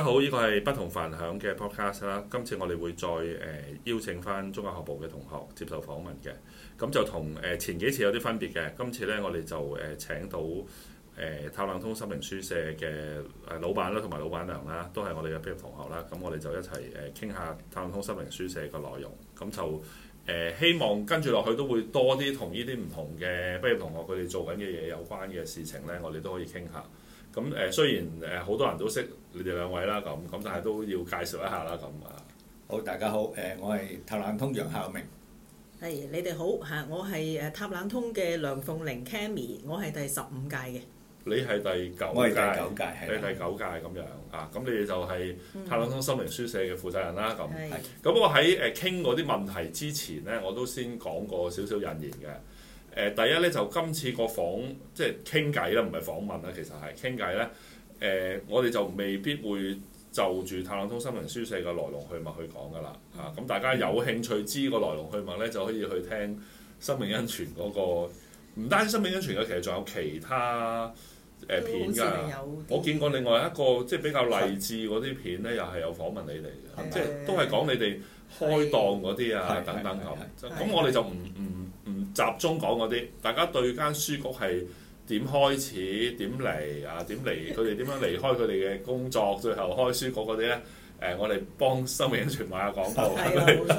大家好，呢個係不同凡響嘅 podcast 啦。今次我哋會再誒邀請翻宗教學部嘅同學接受訪問嘅，咁就同誒前幾次有啲分別嘅。今次呢，我哋就誒請到誒塔冷通心靈書舍嘅誒老闆啦，同埋老闆娘啦，都係我哋嘅畢業同學啦。咁我哋就一齊誒傾下塔冷通心靈書舍嘅內容。咁就誒希望跟住落去都會多啲同呢啲唔同嘅畢業同學佢哋做緊嘅嘢有關嘅事情呢，我哋都可以傾下。咁誒雖然誒好多人都識你哋兩位啦咁，咁但係都要介紹一下啦咁啊。好，大家好，誒我係塔冷通楊孝明。係，你哋好嚇，我係誒塔冷通嘅梁鳳玲 Cammy，我係第十五屆嘅。你係第九屆，我係第九屆，係第九屆咁樣嚇。咁、嗯啊、你哋就係塔冷通心靈書舍嘅負責人啦咁。係、嗯。咁我喺誒傾嗰啲問題之前咧，我都先講過少少引言嘅。誒第一咧就今次個訪即係傾偈啦，唔係訪問啦，其實係傾偈咧。誒、呃、我哋就未必會就住《塔冷通心靈書舍》嘅來龍去脈去講㗎啦。啊，咁大家有興趣知個來龍去脈咧，就可以去聽《生命恩泉》嗰個。唔單止《生命恩泉》嘅，其實仲有其他誒片㗎。呃、我見過另外一個即係比較勵志嗰啲片咧，又係有訪問你哋嘅，即係都係講你哋開檔嗰啲啊，等等咁，咁我哋就唔唔唔集中講嗰啲，大家對間書局係點開始，點嚟啊，點嚟佢哋點樣離開佢哋嘅工作，最後開書局嗰啲咧？誒、呃，我哋幫生命恩泉買下廣告，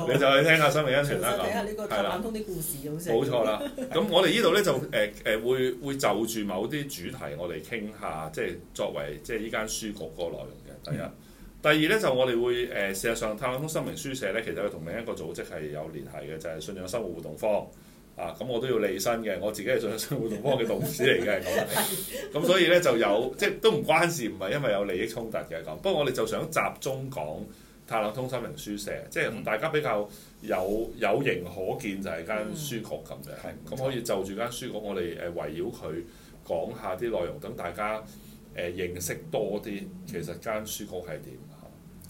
你就去聽下生命恩泉啦咁。睇下呢個《塔冷通啲故事》好似冇錯啦。咁我哋呢度咧就誒誒、呃呃、會會就住某啲主題，我哋傾下，即係作為即係依間書局個內容嘅第一。嗯第二咧就我哋會誒、呃，事實上塔冷通心靈書舍咧，其實佢同另一個組織係有聯繫嘅，就係、是、信仰生活互動方啊。咁、嗯、我都要利身嘅，我自己係信仰生活互動方嘅董事嚟嘅，咁。咁、嗯嗯嗯、所以咧就有即係都唔關事，唔係因為有利益衝突嘅咁。不過我哋就想集中講塔冷通心靈書舍，即、就、係、是、大家比較有有形可見就係間書局咁嘅。咁、嗯、可以就住間書局，我哋誒圍繞佢講下啲內容，等大家誒認識多啲，其實間書局係點？嗯嗯嗯嗯嗯嗯嗯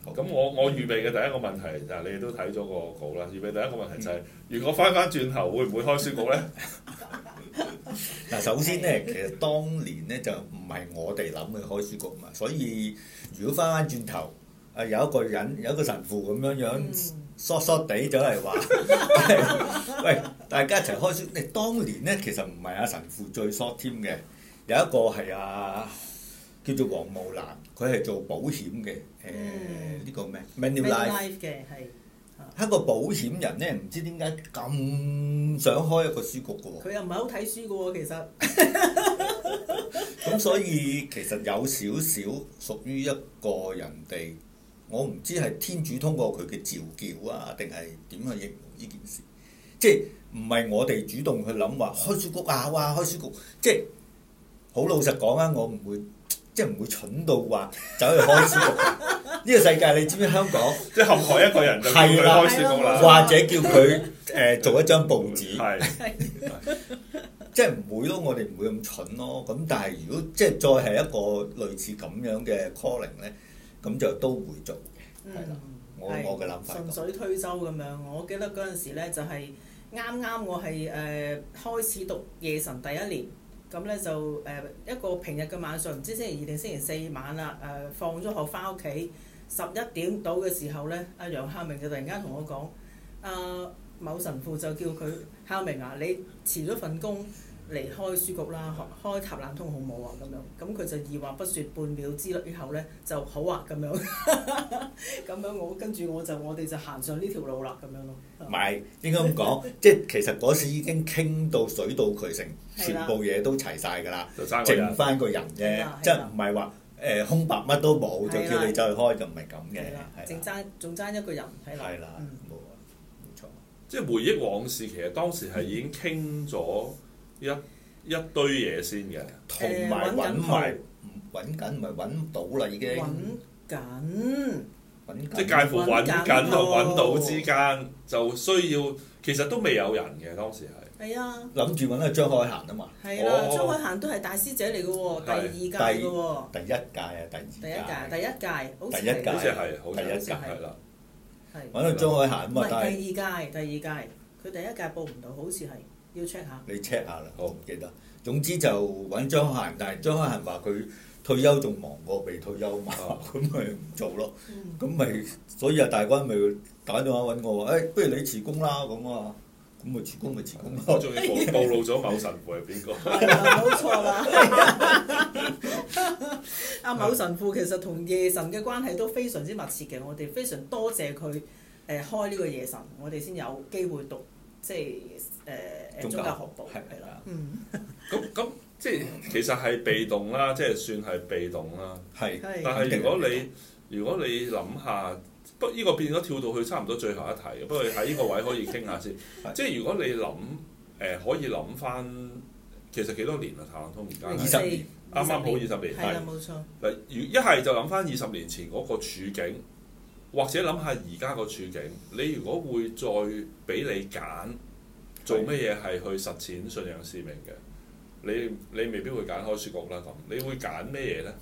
咁我我預備嘅第一個問題，嗱你哋都睇咗個稿啦。預備第一個問題就係、是，嗯、如果翻翻轉頭會唔會開書局咧？嗱， 首先咧，其實當年咧就唔係我哋諗去開書局嘛，所以如果翻翻轉頭，誒有一個人有一個神父咁樣樣 short short 哋就係話，喂，大家一齊開書。你當年咧其實唔係阿神父最 short 添嘅，有一個係阿、啊。叫做黃茂蘭，佢係做保險嘅，誒、呃、呢、嗯、個咩 Manulife 嘅係一個保險人咧，唔知點解咁想開一個書局嘅喎。佢又唔係好睇書嘅喎，其實。咁所以其實有少少屬於一個人哋，我唔知係天主通過佢嘅召叫啊，定係點去形容呢件事？即係唔係我哋主動去諗話開書局啊？哇，開書局！即係好老實講啊，我唔會。即係唔會蠢到話走去開書局，呢 個世界你知唔知香港？ 即係陷害一個人，叫佢開書局啦， 或者叫佢誒、呃、做一張報紙，係 即係唔會咯。我哋唔會咁蠢咯。咁但係如果即係再係一個類似咁樣嘅 calling 咧，咁就都會做嘅。嗯，我我嘅諗法順水推舟咁樣。我記得嗰陣時咧，就係啱啱我係誒開始讀夜神第一年。咁咧就誒、呃、一個平日嘅晚上，唔知星期二定星期四晚啦，誒、呃、放咗學返屋企，十一點到嘅時候咧，阿楊孝明就突然間同我講，阿、呃、某神父就叫佢孝明啊，你辭咗份工。離開書局啦，開塔冷通好冇啊？咁樣，咁佢就二話不說，半秒之類後咧就好啊咁樣，咁 樣我跟住我就我哋就行上呢條路啦咁樣咯。唔係 應該咁講，即係其實嗰時已經傾到水到渠成，全部嘢都齊晒㗎啦，剩翻個人啫，即係唔係話誒空白乜都冇，就叫你走去開就唔係咁嘅，淨爭仲爭一個人係啦，冇錯、啊。即係回憶往事，其實當時係已經傾咗。一一堆嘢先嘅，同埋揾埋揾緊唔係揾到啦已經。揾緊。即介乎揾緊同揾到之間，就需要其實都未有人嘅，當時係。係啊。諗住揾到張開行啊嘛。係啦。張開行都係大師姐嚟嘅喎，第二屆嘅喎。第一屆啊，第二。第一屆，第一屆。第一屆好似係，第一屆係啦。係。揾到張開行啊嘛。唔係第二屆，第二屆。佢第一屆報唔到，好似係。要 check 下，你 check 下啦，我唔記得。總之就揾張行，但係張行話佢退休仲忙過未退休嘛，咁咪唔做咯。咁咪、嗯、所以啊大軍咪打電話揾我話，誒、哎、不如你辭工啦咁啊，咁咪辭工咪辭工咯。仲要暴露咗某神父係邊個？冇錯啦。阿某神父其實同夜神嘅關係都非常之密切嘅，我哋非常多謝佢誒開呢個夜神，我哋先有機會讀即係誒。呃仲有學到，係啦的，的嗯，咁咁 即係其實係被動啦，即係算係被動啦，係的。但係如果你如果你諗下，不呢、這個變咗跳到去差唔多最後一題嘅，不過你喺呢個位可以傾下先。 即係如果你諗誒、呃，可以諗翻其實幾多年啊？塔冷通而家二十年，啱啱好二十年，係，冇錯。嗱，如一係就諗翻二十年前嗰個處境，或者諗下而家個處境，你如果會再俾你揀？做咩嘢係去實踐信仰使命嘅？你你未必會揀開書局啦，咁，你會揀咩嘢咧？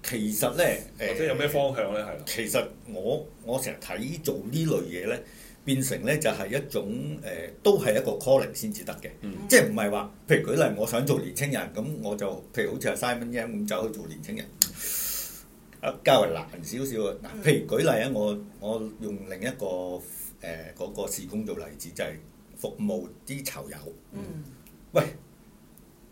其實咧，誒或者有咩方向咧係啦。其實我我成日睇做類呢類嘢咧，變成咧就係一種誒、呃，都係一個 calling 先至得嘅，嗯、即係唔係話譬如舉例，我想做年青人，咁我就譬如好似係 Simon Young 咁走去做年青人，啊，較為難少少啊。嗱，譬如舉例啊，我我用另一個。誒嗰、呃那個事工做例子就係、是、服務啲囚友。嗯。喂，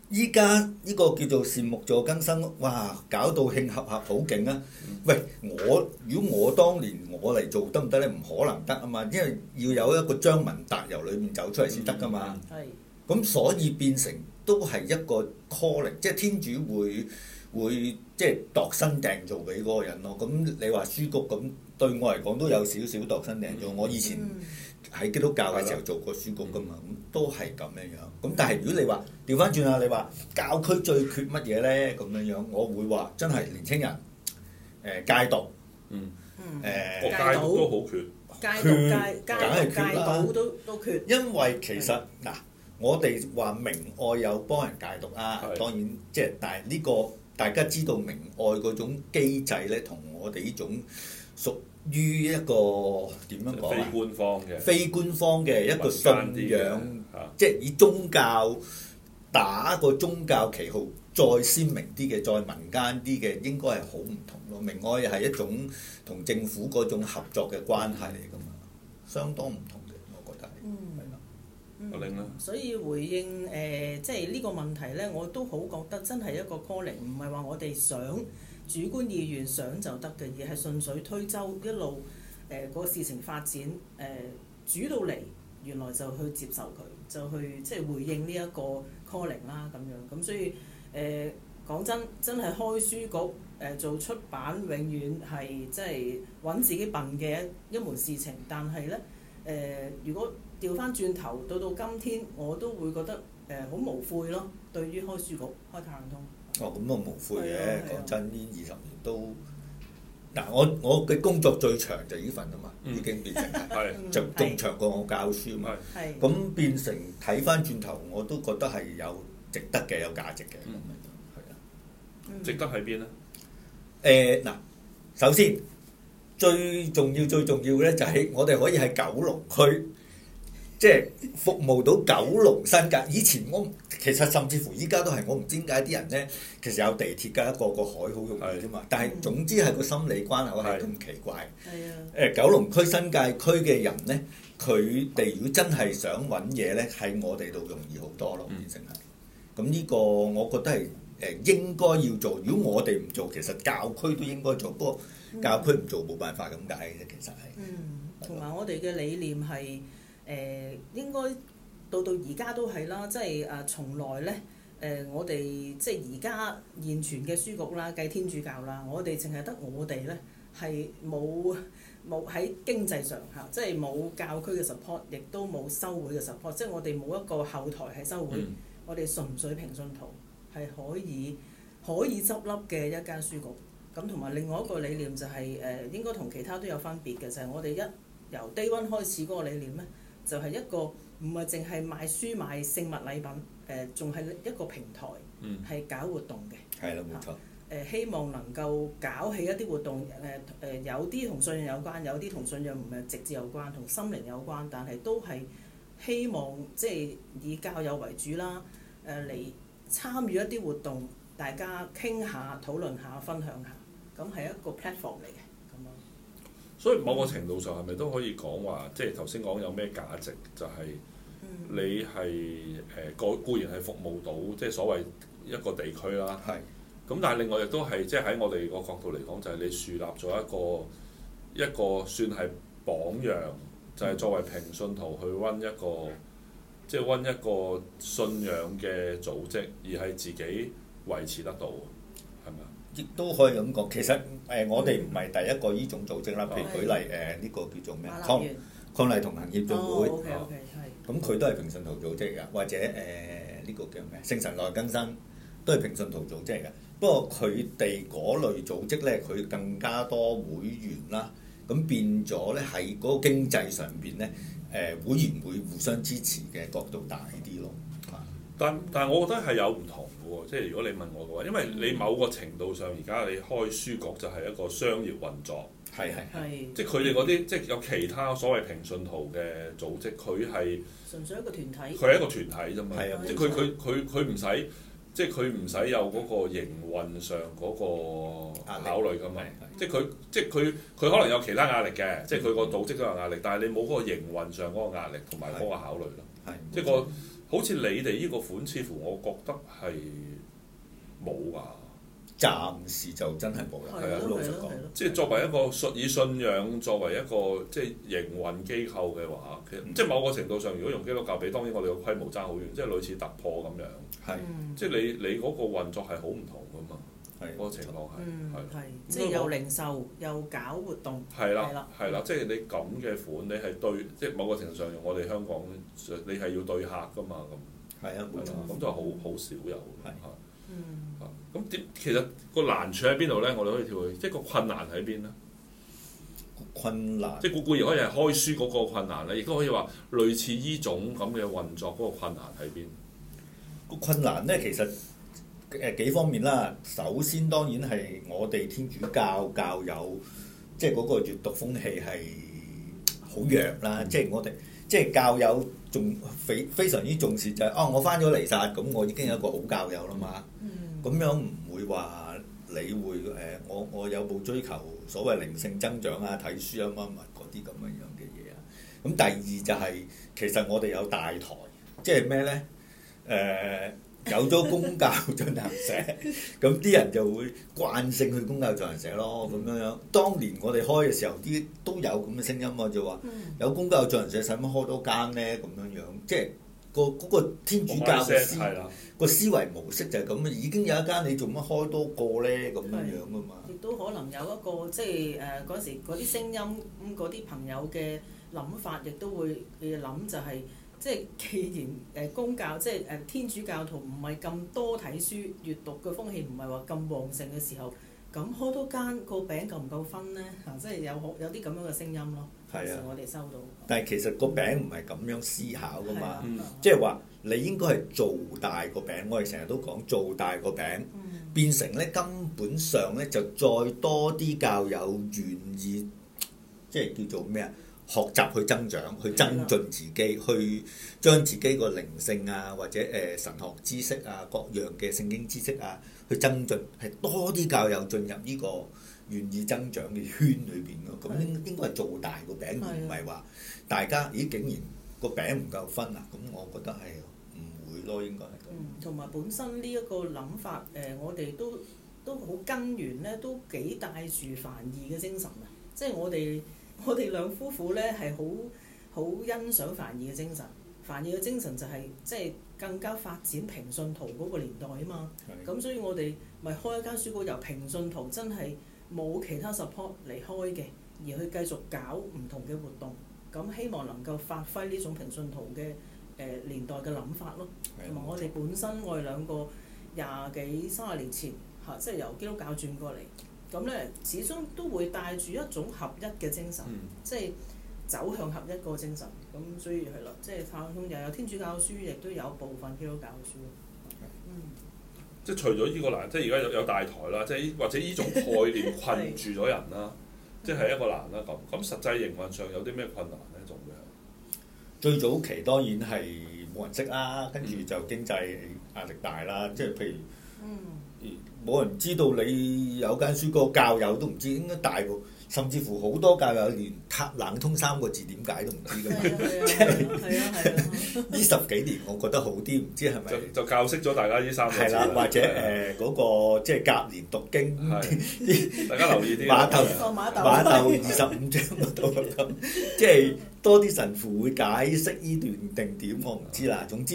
依家呢個叫做事木助更新，哇！搞到慶合合好勁啊！嗯、喂，我如果我當年我嚟做得唔得咧？唔可能得啊嘛，因為要有一個張文達由裏面走出嚟先得噶嘛。係、嗯。咁所以變成都係一個 calling，即係天主會會即係度身訂造俾嗰個人咯。咁你話書局咁？對我嚟講都有少少度身訂做，mm. 我以前喺基督教嘅時候做過書局㗎嘛，咁、嗯、都係咁樣樣。咁但係如果你話調翻轉啊，你話教區最缺乜嘢咧？咁樣樣，我會話真係年青人，誒戒毒，嗯，誒戒，戒，戒毒都好缺，戒毒戒戒戒毒都都缺。因為其實嗱是的，我哋話明愛有幫人戒毒啊的，當然即係但係呢、呢個大家知道明愛嗰種機制咧，同我哋呢種屬。於一個點樣講非官方嘅，非官方嘅一個信仰，即係以宗教打個宗教旗號，再鮮明啲嘅，再民間啲嘅，應該係好唔同咯。明愛係一種同政府嗰種合作嘅關係嚟㗎嘛，相當唔同嘅，我覺得。嗯，係啦的，柯啦、嗯。所以回應誒，即係呢個問題咧，我都好覺得真係一個 calling，唔係話我哋想。主觀意願想就得嘅，而係順水推舟一路誒嗰、呃那個事情發展誒、呃、主導嚟，原來就去接受佢，就去即係回應呢一個 calling 啦、啊、咁樣。咁、嗯、所以誒、呃、講真，真係開書局誒、呃、做出版，永遠係即係揾自己笨嘅一門事情。但係咧誒，如果掉返轉頭到到今天，我都會覺得誒好、呃、無悔咯，對於開書局開塔冷通。哦，咁都無悔嘅。講真的，呢二十年都嗱，我我嘅工作最長就呢份啊嘛，嗯、已經變成係就仲長過我教書啊嘛。係。咁變成睇翻轉頭，我都覺得係有值得嘅，有價值嘅。係值得喺邊咧？誒嗱、呃，首先最重要最重要咧，就係我哋可以喺九龍區，即係服務到九龍新界。以前我～其實甚至乎依家都係我唔知點解啲人呢，其實有地鐵㗎，個個海好容易啫嘛。但係總之係個心理關口係咁奇怪。係啊、嗯。誒、嗯，九龍區新界區嘅人呢，佢哋如果真係想揾嘢呢，喺我哋度容易好多咯。變成係。咁呢個我覺得係誒應該要做。嗯、如果我哋唔做，其實教區都應該做。不過教區唔做冇辦法咁解嘅啫。其實係。嗯，同埋我哋嘅理念係誒、呃、應該。到到而家都係啦，即係啊，從來咧誒，我哋即係而家現存嘅書局啦，計天主教啦，我哋淨係得我哋咧係冇冇喺經濟上吓，即係冇教區嘅 support，亦都冇修會嘅 support，即係我哋冇一個後台喺修會，嗯、我哋純粹平信徒係可以可以執笠嘅一間書局。咁同埋另外一個理念就係、是、誒、呃、應該同其他都有分別嘅，就係、是、我哋一由 day one 開始嗰個理念咧，就係、是、一個。唔係淨係賣書賣聖物禮品，誒仲係一個平台，係、嗯、搞活動嘅。係啦，冇錯。誒、啊，希望能夠搞起一啲活動，誒、呃、誒、呃，有啲同信仰有關，有啲同信仰唔係直接有關，同心靈有關，但係都係希望即係、就是、以教友為主啦。誒、啊、嚟參與一啲活動，大家傾下討論下，分享下，咁係一個 platform 嚟嘅。咁啊，所以某個程度上係咪都可以講話，即係頭先講有咩價值，就係、是。你係誒個固然係服務到即係所謂一個地區啦，係咁是，但係另外亦都係即係喺我哋個角度嚟講，就係、是、你樹立咗一個一個算係榜樣，嗯、就係作為平信徒去揾一個，嗯、即係揾一個信仰嘅組織，而係自己維持得到，係咪啊？亦都可以咁講，其實誒我哋唔係第一個呢種組織啦，譬、嗯、如舉例誒呢個叫做咩抗抗議同行協會。咁佢都係平信徒組織嘅，或者誒呢、呃這個叫咩？聖神內更新都係平信徒組織嘅。不過佢哋嗰類組織咧，佢更加多會員啦。咁變咗咧喺嗰個經濟上邊咧，誒、呃、會員會互相支持嘅角度大啲咯。但但係我覺得係有唔同嘅喎，即係如果你問我嘅話，因為你某個程度上而家你開書局就係一個商業運作。係係係，即係佢哋嗰啲，即係有其他所謂平信徒嘅組織，佢係純粹一個團體，佢係一個團體啫嘛。係啊，即係佢佢佢佢唔使，即係佢唔使有嗰個營運上嗰個考慮㗎嘛。即係佢即係佢佢可能有其他壓力嘅，即係佢個組織都有壓力，但係你冇嗰個營運上嗰個壓力同埋嗰個考慮咯。係，即係個好似你哋呢個款，似乎我覺得係冇㗎。暫時就真係冇人，係啊，好老實講，即係作為一個信以信仰作為一個即係營運機構嘅話，其實即係某個程度上，如果用基督教比，當然我哋個規模爭好遠，即係類似突破咁樣。係，即係你你嗰個運作係好唔同㗎嘛？係嗰個情況係，係即係又零售又搞活動，係啦，係啦，即係你咁嘅款，你係對即係某個程度上用我哋香港，你係要對客㗎嘛？咁係啊，咁就好好少有嗯，咁點其實個難處喺邊度咧？我哋可以跳去，即係個困難喺邊咧？困難，即係個固然可以係開書嗰個困難咧，亦都可以話類似依種咁嘅運作嗰個困難喺邊？個困難咧，其實誒幾方面啦。首先當然係我哋天主教教友，即係嗰個閲讀風氣係好弱啦。即係我哋即係教友。重非非常之重視就係、是，哦，我翻咗嚟晒，咁我已經有一個好教友啦嘛。咁、嗯、樣唔會話你會誒、呃，我我有冇追求所謂靈性增長啊、睇書啊乜乜嗰啲咁樣樣嘅嘢啊。咁、嗯、第二就係、是，其實我哋有大台，即係咩咧？誒、呃。 有咗公教進行社，咁 啲人就會慣性去公教進行社咯，咁樣樣。當年我哋開嘅時候，啲都有咁嘅聲音啊，就話有公教進行社，使乜開多間咧？咁樣樣，即係、那個嗰天主教嘅思，思個思維模式就係咁啊，已經有一間，你做乜開多個咧？咁樣樣啊嘛。亦都可能有一個即係誒嗰時嗰啲聲音，咁嗰啲朋友嘅諗法亦都會諗就係、是。即係既然誒、呃、公教即係誒、呃、天主教徒唔係咁多睇書、閱讀嘅風氣唔係話咁旺盛嘅時候，咁開多間個餅夠唔夠分咧？啊，即係有好有啲咁樣嘅聲音咯。係啊，我哋收到。但係其實個餅唔係咁樣思考噶嘛，即係話你應該係做大個餅，我哋成日都講做大個餅，嗯、變成咧根本上咧就再多啲教友願意，即係叫做咩啊？學習去增長，去增進自己，去將自己個靈性啊，或者誒、呃、神學知識啊，各樣嘅聖經知識啊，去增進，係多啲教友進入呢個願意增長嘅圈裏邊咯。咁應應該係做大個餅，係嘅，而唔係話大家咦竟然個餅唔夠分啊？咁我覺得係唔會咯，應該。係咁。嗯，同埋本身呢一個諗法誒、呃，我哋都都好根源咧，都幾帶住梵二嘅精神啊，即係我哋。我哋兩夫婦咧係好好欣賞梵二嘅精神，梵二嘅精神就係即係更加發展平信徒嗰個年代啊嘛。咁的所以我哋咪開一間書館，由平信徒真係冇其他 support 嚟開嘅，而去繼續搞唔同嘅活動。咁希望能夠發揮呢種平信徒嘅誒年代嘅諗法咯。同埋的我哋本身、嗯、我哋兩個廿幾三十年前嚇、啊，即係由基督教轉過嚟。咁咧始終都會帶住一種合一嘅精神，嗯、即係走向合一個精神。咁所以係咯，即係塔冷通又有天主教書，亦都有部分基督教書。嗯。即係除咗呢個難，即係而家有有大台啦，即係或者呢種概念困住咗人啦， 是即係一個難啦。咁咁、嗯、實際營運上有啲咩困難咧？仲會最早期當然係冇人識啦，跟住就經濟壓力大啦，即係譬如。嗯。冇人知道你有間書舍，教友都唔知，應該大部分甚至乎好多教友連塔冷通三個字點解都唔知㗎，即係呢十幾年我覺得好啲，唔知係咪就，就教識咗大家呢三個字？係啦、啊，或者誒嗰、啊嗰個即係隔年讀經， 大家留意啲瑪竇瑪竇二十五章嗰度咁，即係。.多啲神父會解釋呢段定點，我唔知啦。總之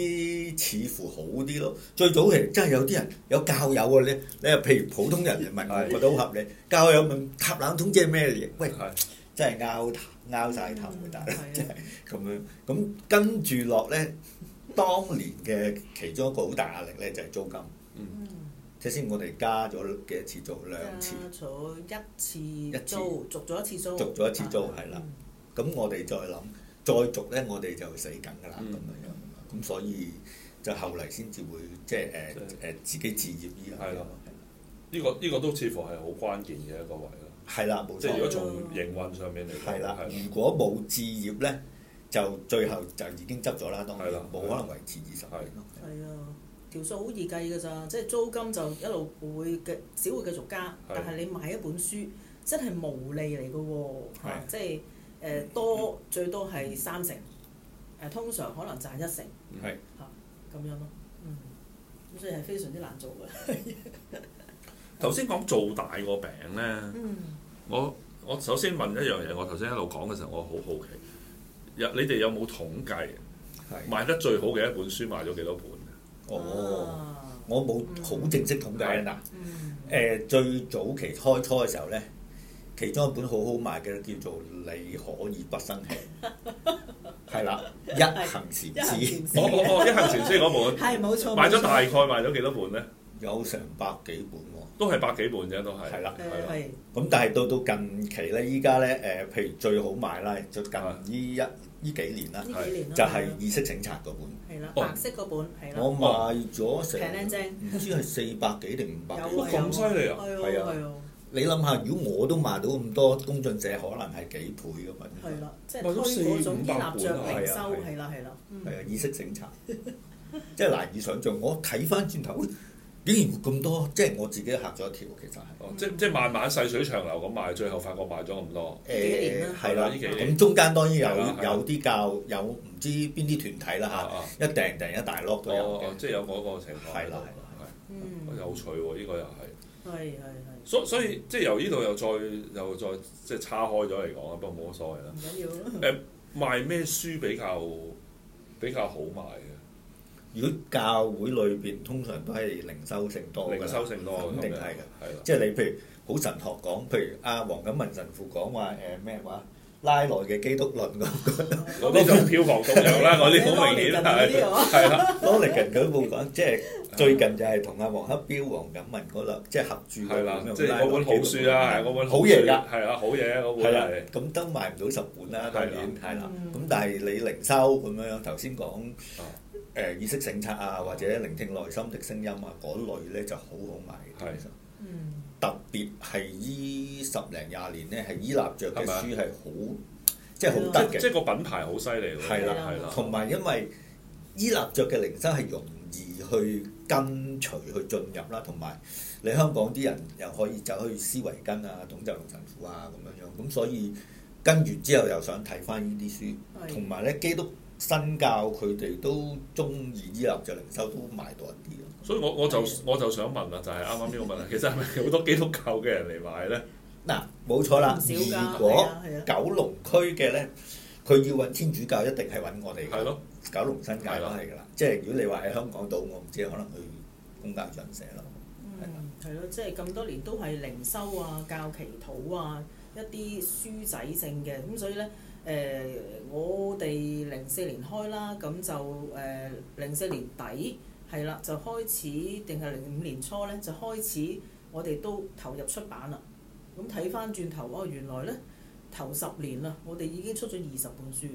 似乎好啲咯。最早期真係有啲人有教友喎，你你譬如普通人嚟問，我都好合理。教友問塔冷通即係咩嘢？喂，真係拗頭拗曬頭嘅，真係咁樣。咁跟住落咧，當年嘅其中一個好大壓力咧就係租金。嗯，首先我哋加咗幾次租兩次，加咗一次租，一次續咗一次租，續咗一次租，係啦。咁我哋再諗，再續咧，我哋就死緊噶啦咁樣樣。咁所以就後嚟先至會即係誒誒自己置業而係咯。呢個呢個都似乎係好關鍵嘅一個位咯。係啦，冇即係如果從營運上面嚟講係啦。如果冇置業咧，就最後就已經執咗啦。當係啦冇冇可能維持二十年咯。係啊，條數好易計㗎咋。即係租金就一路會嘅，只會繼續加。但係你買一本書，真係無利嚟㗎喎。即係。誒多、嗯、最多係三成，誒通常可能賺一成，嚇咁是樣咯。嗯，咁所以係非常之難做嘅。頭先講做大個餅咧，嗯、我我首先問一樣嘢，我頭先一路講嘅時候，我好好奇，你有你哋有冇統計賣得最好嘅一本書賣咗幾多本？是哦，啊、我冇好正式統計啊。嗯是、呃。最早期開初嘅時候咧。其中一本好好賣嘅叫做你可以不生氣，係啦，一行禪師。哦哦一行禪師嗰本係冇錯，賣咗大概賣咗幾多本咧？有成百幾本喎，都係百幾本啫，都係。係啦，係啦。咁但係到到近期咧，依家咧誒，譬如最好賣啦，就近呢一依幾年啦，就係意識警察嗰本，白色嗰本，我賣咗成唔知係四百幾定五百幾咁犀利啊！係啊！你諗下，如果我都賣到咁多，公進社可能係幾倍噶嘛？係啦，即係推嗰種依立著零售，係啦係啦。係啊，意識整察，即係難以想象。我睇翻轉頭，竟然會咁多，即係我自己嚇咗一跳。其實，即即慢慢細水長流咁賣，最後發覺賣咗咁多。誒，幾年啦，係啦，咁中間當然有有啲教有唔知邊啲團體啦嚇，一訂訂一大攞即係有嗰個情況喺度。係啦，係。嗯。有趣喎，依個又係。係係係。所所以，所以即係由呢度又再又再即係叉開咗嚟講啊，不過冇乜所謂啦。誒、欸、賣咩書比較比較好賣嘅？如果教會裏邊通常都係靈修性多靈修性多，肯定係嘅。係的即係你譬如好神學講，譬如阿、啊、黃錦文神父講話誒咩、呃、話？拉來嘅基督論咁，我都種票房高咗啦，我呢好明顯係係啦。Lawrence 佢嗰本即係最近就係同阿黃克標、黃錦文嗰度即係合住咁樣即係嗰本好書啦，係嗰本好嘢㗎，係啊好嘢嗰本。係啦，咁都賣唔到十本啦，當然啦。咁但係你零售咁樣，頭先講誒意識性策啊，或者聆聽內心嘅聲音啊，嗰類咧就好好賣嘅就。特別係依十零廿年咧，係依納爵嘅書係好吧，即係好得嘅，即係個品牌好犀利。係啦的，係啦。同埋因為依納爵嘅靈修係容易去跟隨去進入啦，同埋你香港啲人又可以走去思維根啊、董就成神父啊咁樣樣，咁所以跟完之後又想睇翻呢啲書，同埋咧基督。新教佢哋都中意啲立就，靈修都賣多啲，所以我我就的我就想問啦，就係啱啱呢個問題， 其實係咪好多基督教嘅人嚟買咧？嗱、啊，冇錯啦。如果個九龍區嘅咧，佢要揾天主教，一定係揾我哋嘅。係咯的，九龍新界都係㗎啦。即係如果你話喺香港島，我唔知可能去公教信社咯。嗯的，係咯，即係咁多年都係靈修啊、教祈禱啊、一啲書仔性嘅，咁所以咧。誒、呃，我哋零四年開啦，咁就誒零四年底係啦，就開始定係零五年初咧，就開始我哋都投入出版啦。咁睇翻轉頭，哦，原來咧頭十年啦，我哋已經出咗二十本書。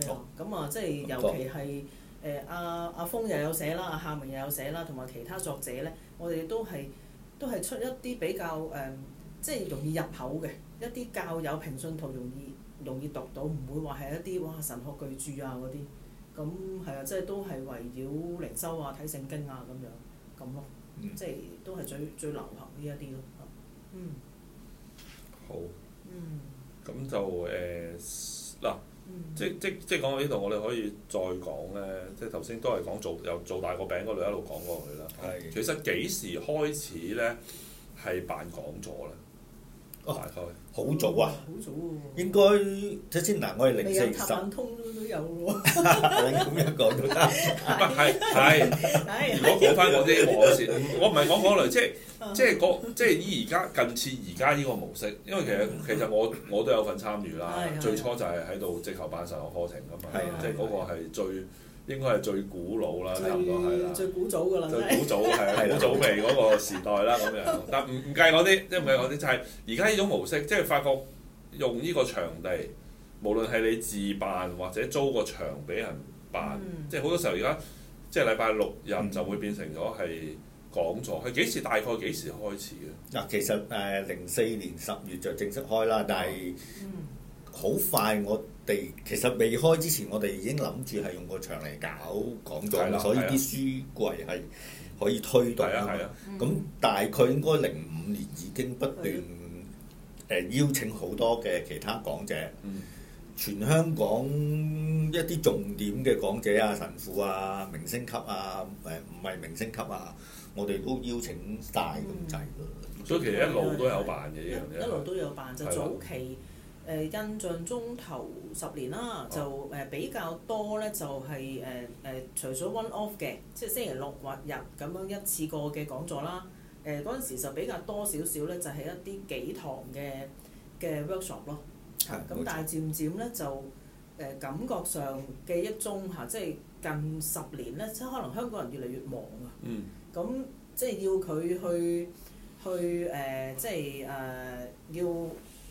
係啊，咁啊，即係尤其係誒阿阿峰又有寫啦，阿孝明又有寫啦，同埋其他作者咧，我哋都係都係出一啲比較誒，即、呃、係、就是、容易入口嘅一啲教友平信徒容易容易讀到，唔會話係一啲哇神學巨著啊嗰啲，咁係、嗯、啊，即係都係圍繞靈修啊、睇聖經啊咁樣，咁咯，即係都係最最流行呢一啲咯，嗯。好。嗯。咁就誒嗱，即即即，即，即講到呢度，我哋可以再講咧，即係頭先都係講做由做大個餅嗰度一路講過去啦。係的。其實幾時開始咧係辦講座咧？大概、oh, oh, 好早啊！好早喎、啊，應該首先嗱，我係零四年塔冷通都有喎。咁 樣講都得，係係 。 如果講返嗰啲模式，我先， 我唔係講嗰類，即係、即係、即係即係依而家近似而家呢個模式，因為其實其實我我都有份參與啦。最初就係喺度即求班上學課程咁啊， 即係嗰個係最。應該係最古老啦，最差唔多係啦。最古早㗎啦，最是古早係啦，啊、古早味嗰個時代啦，咁樣。 但唔唔計嗰啲，即唔計嗰啲，就係而家呢種模式，即係發覺用呢個場地，無論係你自辦或者租個場俾人辦，嗯、即係好多時候而家即係禮拜六日就會變成咗係講座。係幾、嗯、時？大概幾時開始嘅？嗱、嗯，其實誒零四年十月就正式開啦，但係好快我。地其實未開之前，我哋已經諗住係用個場嚟搞講座啦，所以啲書櫃係可以推動嘅。咁大概應該零五年已經不斷誒邀請好多嘅其他講者，全香港一啲重點嘅講者啊、神父啊、明星級啊、誒唔係明星級啊，我哋都邀請晒咁滯。所以其實一路都有辦嘅一樣嘢。一路都有辦，就早期。誒、呃、印象中頭十年啦，Oh. 就誒、呃、比較多咧，就係誒誒除咗 one off 嘅，即係星期六或日咁樣一次過嘅講座啦。誒嗰陣時就比較多少少咧，就係一啲幾堂嘅嘅 workshop 咯。係、呃。咁但係漸漸咧就誒感覺上記憶中嚇、啊，即係近十年咧，即係可能香港人越嚟越忙、mm. 啊。嗯。咁即係要佢去去誒、呃，即係誒、呃呃、要。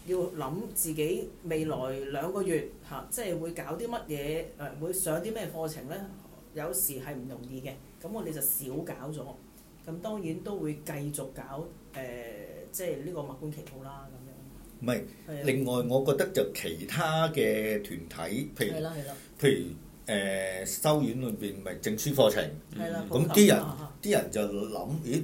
要諗自己未來兩個月嚇，即係會搞啲乜嘢誒？會上啲咩課程咧？有時係唔容易嘅，咁我哋就少搞咗。咁當然都會繼續搞誒，即係呢個物管旗號啦，咁樣。唔係，另外我覺得就其他嘅團體，譬如譬如誒修院裏邊咪證書課程，咁啲人啲人就諗，咦？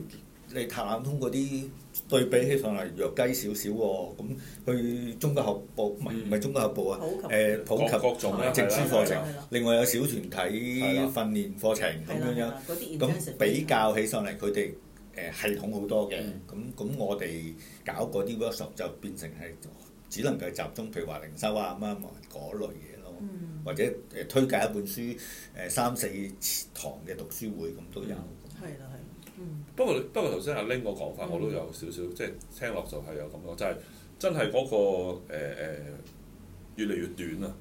你塔冷通啲對比起上嚟弱雞少少喎，咁去中國學部，唔係唔係中國學部啊，誒普及各種嘅證書課程，另外有小團體訓練課程咁樣樣，咁比較起上嚟佢哋誒系統好多嘅，咁咁我哋搞嗰啲 workshop 就變成係只能夠集中，譬如話靈修啊咁樣嗰類嘢咯，或者誒推介一本書，誒三四堂嘅讀書會咁都有。係啦。不過不過，頭先阿 Ling 個講法，我都有少少即係聽落就係有感覺，就係、是、真係嗰個誒誒越嚟越短啊！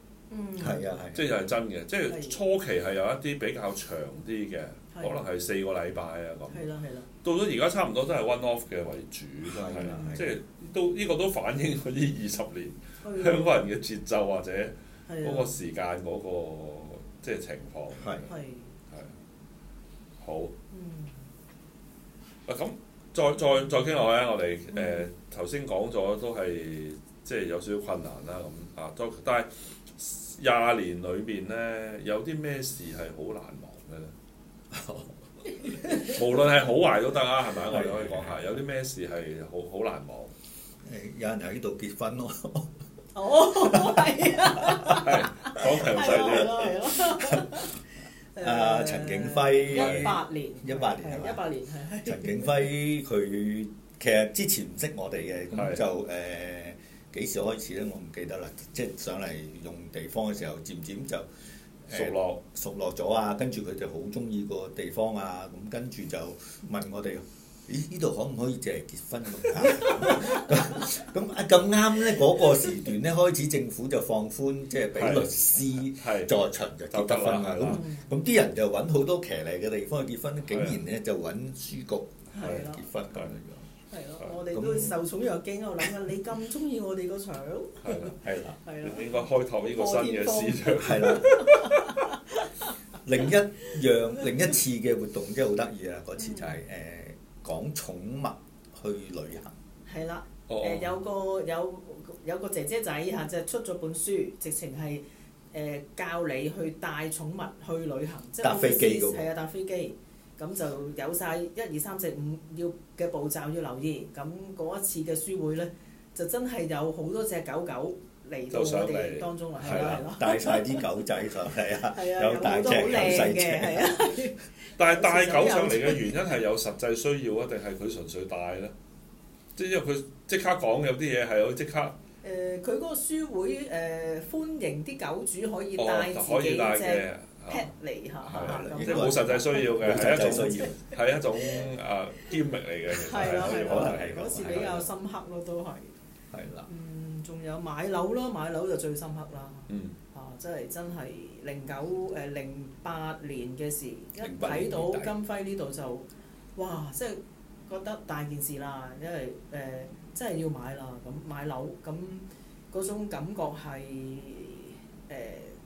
係啊係，即係係真嘅，即係的初期係有一啲比較長啲嘅，可能係四個禮拜啊咁。係啦係啦。是的 到咗而家差唔多都係 one off 嘅為主，真係即係都呢個都反映咗呢二十年香港人嘅節奏或者嗰個時間嗰、那個即係情況係係係好的 attracted Media 啊咁，再再再傾落去我哋誒頭先講咗都係即係有少少困難啦咁啊，都但係廿年裏邊咧，有啲咩事係好難忘嘅咧？ 無論係好壞都得啊，係咪？ 我哋可以講下，有啲咩事係好好難忘？誒，有人喺度結婚咯 哦，係啊，係講詳細啲。啊、呃，陳景輝，一八年，一八年係嘛？陳景輝佢其實之前唔識我哋嘅，咁的就誒幾、呃、時開始咧？我唔記得啦。即係上嚟用地方嘅時候，漸漸就、呃、熟落熟落咗啊。跟住佢哋好中意個地方啊，咁跟住就問我哋。咦？呢度可唔可以淨係結婚？咁啊咁啱咧，嗰個時段咧開始政府就放寬，即係俾律師在場就結得婚啦。咁咁啲人就揾好多騎呢嘅地方去結婚，竟然咧就揾書局結婚。係咯，我哋都受寵若驚。我諗啊，你咁中意我哋個場，係啦，係啦，應該開拓呢個新嘅市場。係啦，另一樣另一次嘅活動真係好得意啊！嗰次就係誒。講寵物去旅行。係啦，誒有個有有個姐姐仔嚇就係、出咗本書，直情係誒教你去帶寵物去旅行，即係好似係啊搭飛機，咁就有晒一二三四五要嘅步驟要留意，咁嗰一次嘅書會呢，就真係有好多隻狗狗。都上嚟當中啦，係啦，帶晒啲狗仔上嚟，係啊，有大隻有細隻。但係帶狗上嚟嘅原因係有實際需要啊，定係佢純粹帶咧？即係因為佢即刻講有啲嘢係可即刻。誒，佢嗰個書會誒歡迎啲狗主可以帶可以帶自己隻 pet 嚟嚇，即係冇實際需要嘅，係一種，係一種誒 gimmick 嚟嘅，其實係可能係嗰時比較深刻咯，都係。係啦。仲有買樓咯，嗯、買樓就最深刻啦。嗯。啊，真係真係零九誒零八年嘅事，億不 一睇到金輝呢度就，哇！即係覺得大件事啦，因為誒、呃、真係要買啦，咁買樓咁，嗰種感覺係誒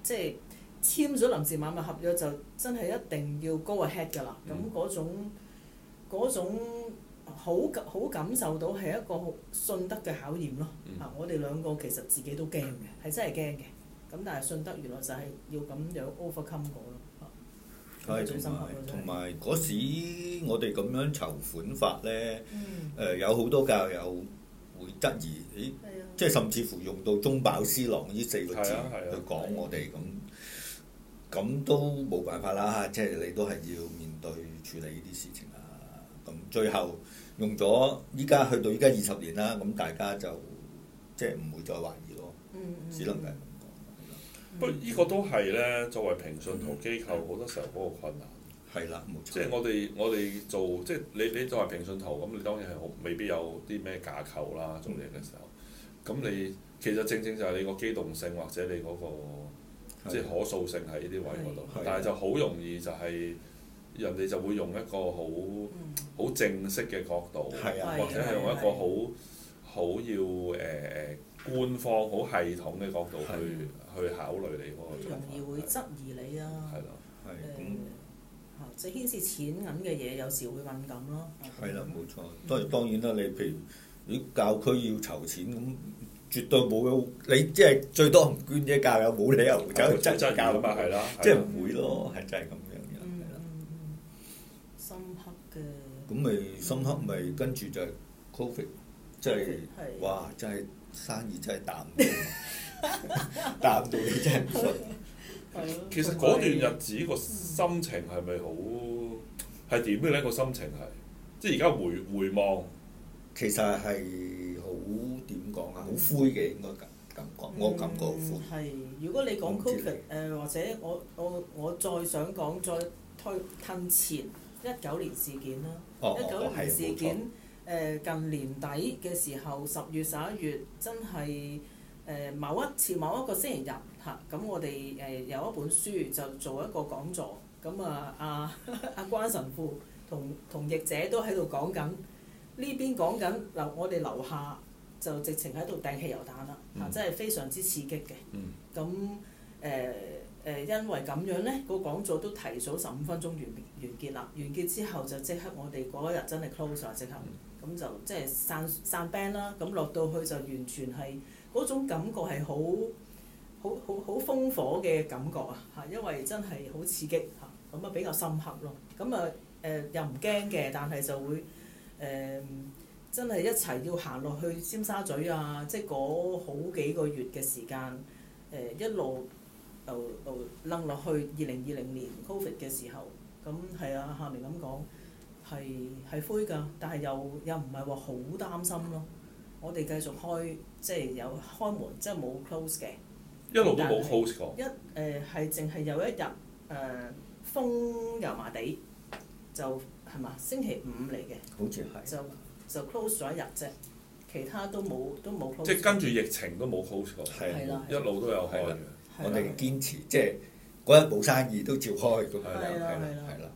即係簽咗臨時買物合約就真係一定要 go ahead 㗎啦。咁嗰種嗰種。好感好感受到係一個信德嘅考驗咯嚇，我哋兩個其實自己都驚嘅，係真係驚嘅。咁但係信德原來就係要咁樣 overcome 過咯嚇。係同埋同埋嗰時我哋咁樣籌款法咧，誒有好多教友會質疑，誒即係甚至乎用到中飽私囊呢四個字去講我哋咁，咁都冇辦法啦，即係你都係要面對處理呢啲事情。最後用咗依家去到依家二十年啦，咁大家就即係唔會再懷疑咯。嗯、只能係咁講。不過、嗯，依的個都係咧，作為平信徒機構，好多時候嗰個困難。係啦，即係我哋我哋做即係你你作為平信徒咁，你當然係好未必有啲咩架構啦，嗯、做嘢嘅時候。咁你其實正正就係你個機動性或者你嗰、那個的即係可塑性喺呢啲位嗰度，但係就好容易就係、是。人哋就會用一個好好正式嘅角度，或者係用一個好好要誒官方好系統嘅角度去去考慮你嗰個。容易會質疑你啊！係咯，誒，即係牽涉錢銀嘅嘢，有時會敏感咯。係啦，冇錯。當然當然啦，你譬如你教區要籌錢，咁絕對冇有你即係最多唔捐啫，教友，冇理由走去質疑教派。係啦，即係唔會咯，係真係咁。咁咪深刻，咪跟住就係 COVID，即係哇！真係生意真係淡到，淡到，其實嗰段日子個心情係咪好係點嘅咧？個心情係即係而家回回望，其實係好點講啊？好灰嘅應該感覺，我感覺好灰。係，如果你講 COVID 誒，或者我我我再想講再推褪前一九年事件啦。19一九年事件，誒錯近年底嘅時候，十月十一月，真係誒某一次某一個星期日，嚇、啊，咁我哋誒、呃、有一本書就做一個講座，咁啊阿阿、啊啊、關神父 同同譯者都喺度講緊，呢邊講緊嗱，我哋樓下就直情喺度掟汽油彈啦，嚇、啊，真係非常之刺激嘅，咁誒、嗯。誒，因為咁樣咧，個講座都提早十五分鐘完結完結啦。完結之後就即刻我哋嗰日真係 close 啦，即刻咁就即係散散 band 啦。咁落到去就完全係嗰種感覺係好好好好烽火嘅感覺啊！嚇，因為真係好刺激嚇，咁啊比較深刻咯。咁啊誒又唔驚嘅，但係就會誒、呃、真係一齊要行落去尖沙咀啊！即係嗰好幾個月嘅時間誒、呃、一路。就就掕落去二零二零年 Covid 嘅時候，咁係啊，孝明咁講係係灰㗎，但係又又唔係話好擔心咯。我哋繼續開，即係有開門，即係冇 close 嘅，一路都冇 close 過。一誒係淨係有一日誒、呃、封油麻地，就係嘛星期五嚟嘅，好似係就就 close 咗一日啫，其他都冇都冇 close。即係跟住疫情都冇 close 過，係啦的，一路都有開我哋堅持，即係嗰日冇生意都照開，咁係啦，係啦係啦。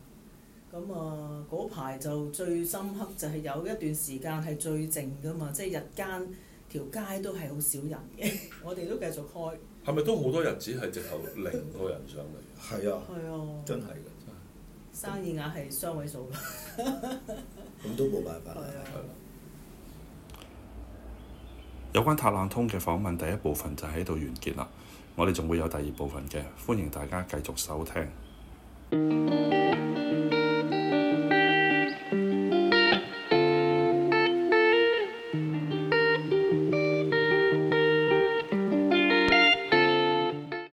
咁啊，嗰排、啊啊啊、就最深刻就係有一段時間係最靜㗎嘛，即、就、係、是、日間條街都係好少人嘅，我哋都繼續開。係咪都好多日子係直頭零個人上嚟？係 啊，係啊，真係㗎，真係。生意額係雙位數㗎。咁 都冇辦法啦，係、啊啊、打有關塔冷通嘅訪問第一部分就喺度完結啦。我哋仲會有第二部分嘅，歡迎大家繼續收聽。